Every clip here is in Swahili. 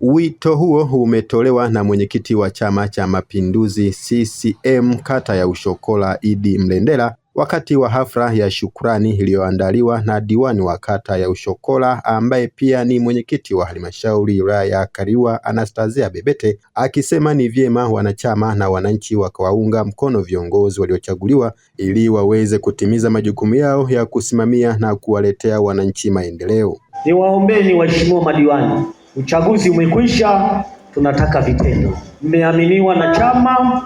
Wito huo umetolewa na mwenyekiti wa Chama cha Mapinduzi CCM kata ya Ushokola Idi Mlendela wakati wa hafla ya shukrani iliyoandaliwa na diwani wa kata ya Ushokola ambaye pia ni mwenyekiti wa halmashauri wilaya ya Kaliua Anastasia Bebete akisema ni vyema wanachama na wananchi wakawaunga mkono viongozi waliochaguliwa ili waweze kutimiza majukumu yao ya kusimamia na kuwaletea wananchi maendeleo. Niwaombeni waheshimiwa madiwani Uchaguzi umekwisha, tunataka vitendo. Mmeaminiwa na chama,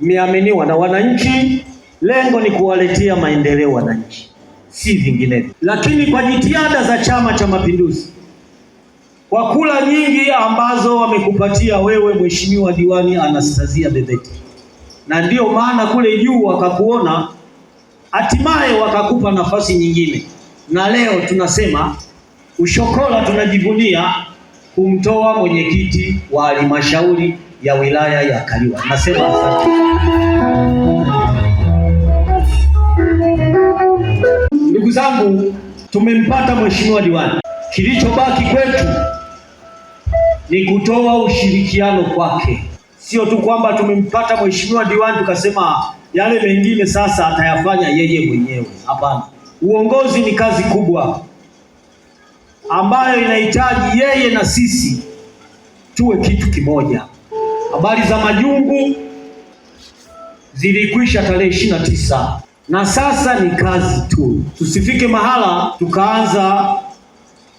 mmeaminiwa na wananchi. Lengo ni kuwaletea maendeleo wananchi, si vinginevyo. Lakini kwa jitihada za Chama cha Mapinduzi, kwa kula nyingi ambazo wamekupatia wewe Mheshimiwa Diwani anastazia bebeti na ndiyo maana kule juu wakakuona, hatimaye wakakupa nafasi nyingine, na leo tunasema Ushokola tunajivunia kumtoa mwenyekiti wa halmashauri ya wilaya ya Kaliwa. Nasema asante. Ndugu zangu, tumempata mheshimiwa diwani. Kilichobaki kwetu ni kutoa ushirikiano kwake. Sio tu kwamba tumempata mheshimiwa diwani tukasema yale mengine sasa atayafanya yeye mwenyewe. Hapana, uongozi ni kazi kubwa ambayo inahitaji yeye na sisi tuwe kitu kimoja. Habari za majungu zilikwisha tarehe ishirini na tisa na sasa ni kazi tu, tusifike mahala tukaanza,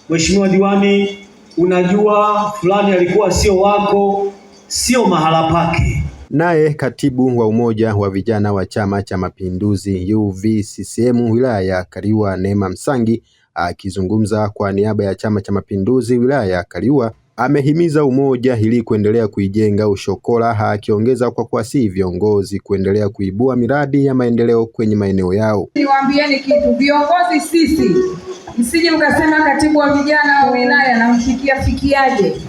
mheshimiwa diwani, unajua fulani alikuwa sio wako, sio mahala pake. Naye katibu wa umoja wa vijana wa Chama cha Mapinduzi UVCCM wilaya ya Kaliua Neema Msangi Akizungumza kwa niaba ya Chama cha Mapinduzi wilaya ya Kaliua amehimiza umoja ili kuendelea kuijenga Ushokola, akiongeza kwa kuwasihi viongozi kuendelea kuibua miradi ya maendeleo kwenye maeneo yao. Niwaambieni kitu viongozi, sisi msije mkasema katibu wa vijana wa wilaya namfikia fikiaje,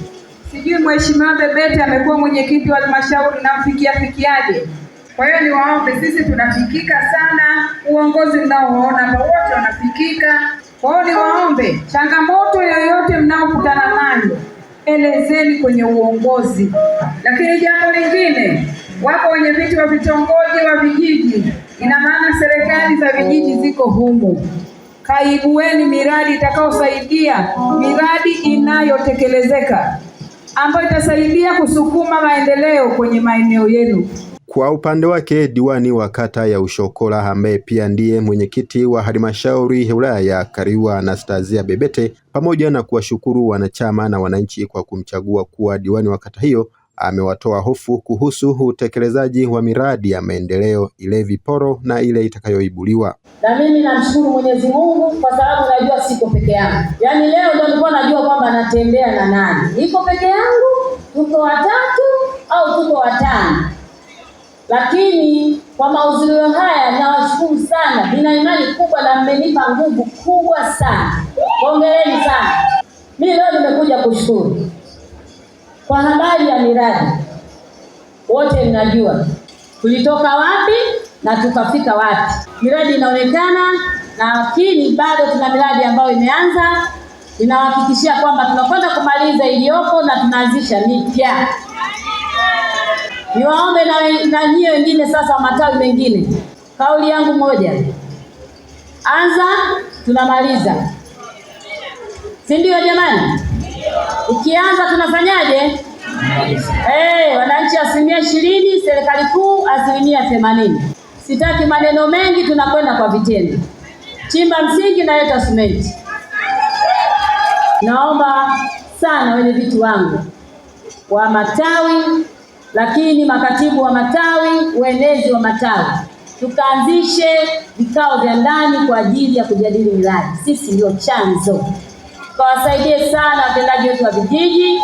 sijui mheshimiwa Bebete amekuwa mwenyekiti wa halmashauri namfikia fikiaje. Kwa hiyo niwaombe, sisi tunafikika sana, uongozi mnaoona wote wanafikika kwa hiyo niwaombe, changamoto yoyote mnaokutana nayo elezeni kwenye uongozi. Lakini jambo lingine, wako wenye viti wa vitongoji wa vijiji, ina maana serikali za vijiji ziko humu. Kaibueni miradi itakayosaidia, miradi inayotekelezeka ambayo itasaidia kusukuma maendeleo kwenye maeneo yenu. Kwa upande wake diwani wa kata ya Ushokola ambaye pia ndiye mwenyekiti wa halmashauri ya wilaya Kaliua anastazia Bebete, pamoja na kuwashukuru wanachama na wananchi kwa kumchagua kuwa diwani wa kata hiyo, amewatoa hofu kuhusu utekelezaji wa miradi ya maendeleo ile viporo na ile itakayoibuliwa. Na mimi namshukuru Mwenyezi Mungu kwa sababu najua siko peke yangu, yaani leo ndio nilikuwa najua kwamba natembea na nani, niko peke yangu, tuko watatu au tuko watano lakini kwa mahudhurio haya nawashukuru sana, nina imani kubwa na mmenipa nguvu kubwa sana. Hongereni sana. Mimi leo nimekuja kushukuru kwa habari ya miradi. Wote mnajua tulitoka wapi na tukafika wapi. Miradi inaonekana, lakini bado tuna miradi ambayo imeanza. Ninawahakikishia kwamba tunakwenda kumaliza iliyopo na tunaanzisha mipya niwaombe na, na nyie wengine sasa, matawi mengine, kauli yangu moja, anza tunamaliza, si ndio jamani? Ukianza tunafanyaje? Hey, eh, wananchi asilimia ishirini, serikali kuu asilimia themanini. Sitaki maneno mengi, tunakwenda kwa vitendo. Chimba msingi na leta simenti. Naomba sana wenye vitu wangu wa matawi lakini makatibu wa matawi, uenezi wa matawi, tukaanzishe vikao vya ndani kwa ajili ya kujadili miradi. Sisi ndio chanzo, tukawasaidie sana watendaji wetu wa vijiji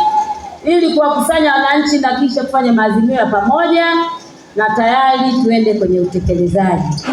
ili kuwakusanya wananchi na kisha kufanya maazimio ya pamoja, na tayari tuende kwenye utekelezaji.